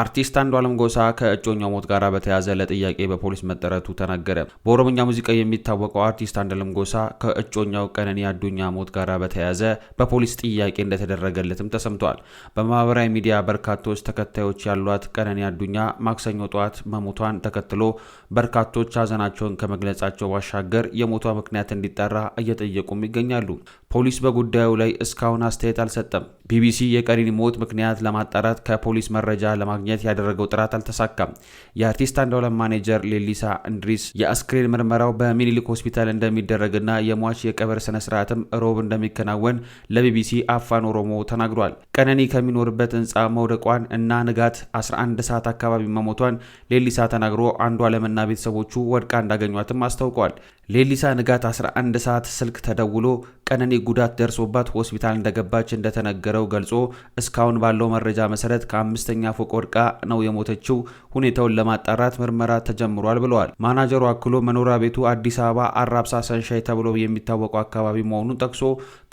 አርቲስት አንዷለም ጎሳ ከእጮኛው ሞት ጋር በተያያዘ ለጥያቄ በፖሊስ መጠረቱ ተነገረ። በኦሮምኛ ሙዚቃ የሚታወቀው አርቲስት አንዷለም ጎሳ ከእጮኛው ቀነኒ አዱኛ ሞት ጋር በተያያዘ በፖሊስ ጥያቄ እንደተደረገለትም ተሰምቷል። በማህበራዊ ሚዲያ በርካቶች ተከታዮች ያሏት ቀነኒ አዱኛ ማክሰኞ ጠዋት መሞቷን ተከትሎ በርካቶች ሀዘናቸውን ከመግለጻቸው ባሻገር የሞቷ ምክንያት እንዲጠራ እየጠየቁም ይገኛሉ። ፖሊስ በጉዳዩ ላይ እስካሁን አስተያየት አልሰጠም። ቢቢሲ የቀሪን ሞት ምክንያት ለማጣራት ከፖሊስ መረጃ ለማግኘት ያደረገው ጥረት አልተሳካም። የአርቲስት አንዷለም ማኔጀር ሌሊሳ እንድሪስ የአስክሬን ምርመራው በሚኒሊክ ሆስፒታል እንደሚደረግና የሟች የቀብር ስነ ስርዓትም ሮብ እንደሚከናወን ለቢቢሲ አፋን ኦሮሞ ተናግሯል። ቀነኒ ከሚኖርበት ህንፃ መውደቋን እና ንጋት 11 ሰዓት አካባቢ መሞቷን ሌሊሳ ተናግሮ አንዷለምና ቤተሰቦቹ ወድቃ እንዳገኟትም አስታውቋል። ሌሊሳ ንጋት 11 ሰዓት ስልክ ተደውሎ ቀነኒ ጉዳት ደርሶባት ሆስፒታል እንደገባች እንደተነገረው ገልጾ እስካሁን ባለው መረጃ መሰረት ከአምስተኛ ፎቅ ወድቃ ነው የሞተችው። ሁኔታውን ለማጣራት ምርመራ ተጀምሯል ብለዋል። ማናጀሩ አክሎ መኖሪያ ቤቱ አዲስ አበባ አራብሳ ሰንሻይ ተብሎ የሚታወቀው አካባቢ መሆኑን ጠቅሶ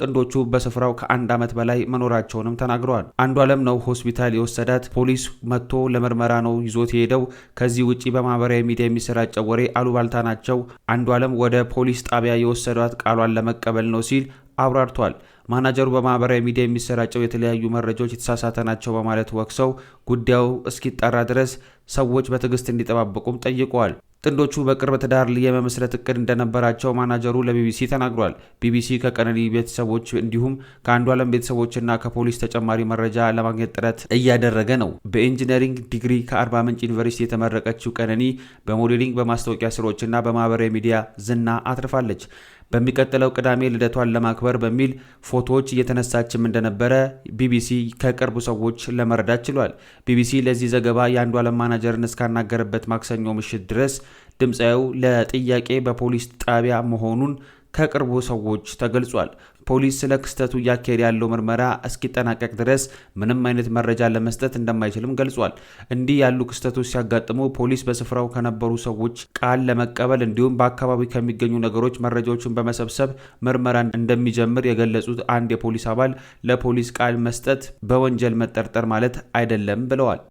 ጥንዶቹ በስፍራው ከአንድ ዓመት በላይ መኖራቸውንም ተናግረዋል። አንዱ አለም ነው ሆስፒታል የወሰዳት። ፖሊስ መጥቶ ለምርመራ ነው ይዞት የሄደው። ከዚህ ውጪ በማህበራዊ ሚዲያ የሚሰራጨው ወሬ አሉባልታ ናቸው። አንዱ አለም ወደ ፖሊስ ጣቢያ የወሰዷት ቃሏን ለመቀበል ነው ሲል አብራርቷል። ማናጀሩ በማህበራዊ ሚዲያ የሚሰራጨው የተለያዩ መረጃዎች የተሳሳተ ናቸው በማለት ወቅሰው ጉዳዩ እስኪጣራ ድረስ ሰዎች በትዕግስት እንዲጠባበቁም ጠይቀዋል። ጥንዶቹ በቅርብ ትዳር የመመስረት እቅድ እንደነበራቸው ማናጀሩ ለቢቢሲ ተናግሯል። ቢቢሲ ከቀነኒ ቤተሰቦች እንዲሁም ከአንዷለም ቤተሰቦችና ከፖሊስ ተጨማሪ መረጃ ለማግኘት ጥረት እያደረገ ነው። በኢንጂነሪንግ ዲግሪ ከአርባ ምንጭ ዩኒቨርሲቲ የተመረቀችው ቀነኒ በሞዴሊንግ፣ በማስታወቂያ ስራዎችና በማህበራዊ ሚዲያ ዝና አትርፋለች። በሚቀጥለው ቅዳሜ ልደቷን ለማክበር በሚል ፎቶዎች እየተነሳችም እንደነበረ ቢቢሲ ከቅርቡ ሰዎች ለመረዳት ችሏል። ቢቢሲ ለዚህ ዘገባ የአንዷለም ማናጀርን እስካናገረበት ማክሰኞ ምሽት ድረስ ድምፃዊው ለጥያቄ በፖሊስ ጣቢያ መሆኑን ከቅርቡ ሰዎች ተገልጿል። ፖሊስ ስለ ክስተቱ እያካሄደ ያለው ምርመራ እስኪጠናቀቅ ድረስ ምንም አይነት መረጃ ለመስጠት እንደማይችልም ገልጿል። እንዲህ ያሉ ክስተቶች ሲያጋጥሙ ፖሊስ በስፍራው ከነበሩ ሰዎች ቃል ለመቀበል እንዲሁም በአካባቢ ከሚገኙ ነገሮች መረጃዎችን በመሰብሰብ ምርመራ እንደሚጀምር የገለጹት አንድ የፖሊስ አባል ለፖሊስ ቃል መስጠት በወንጀል መጠርጠር ማለት አይደለም ብለዋል።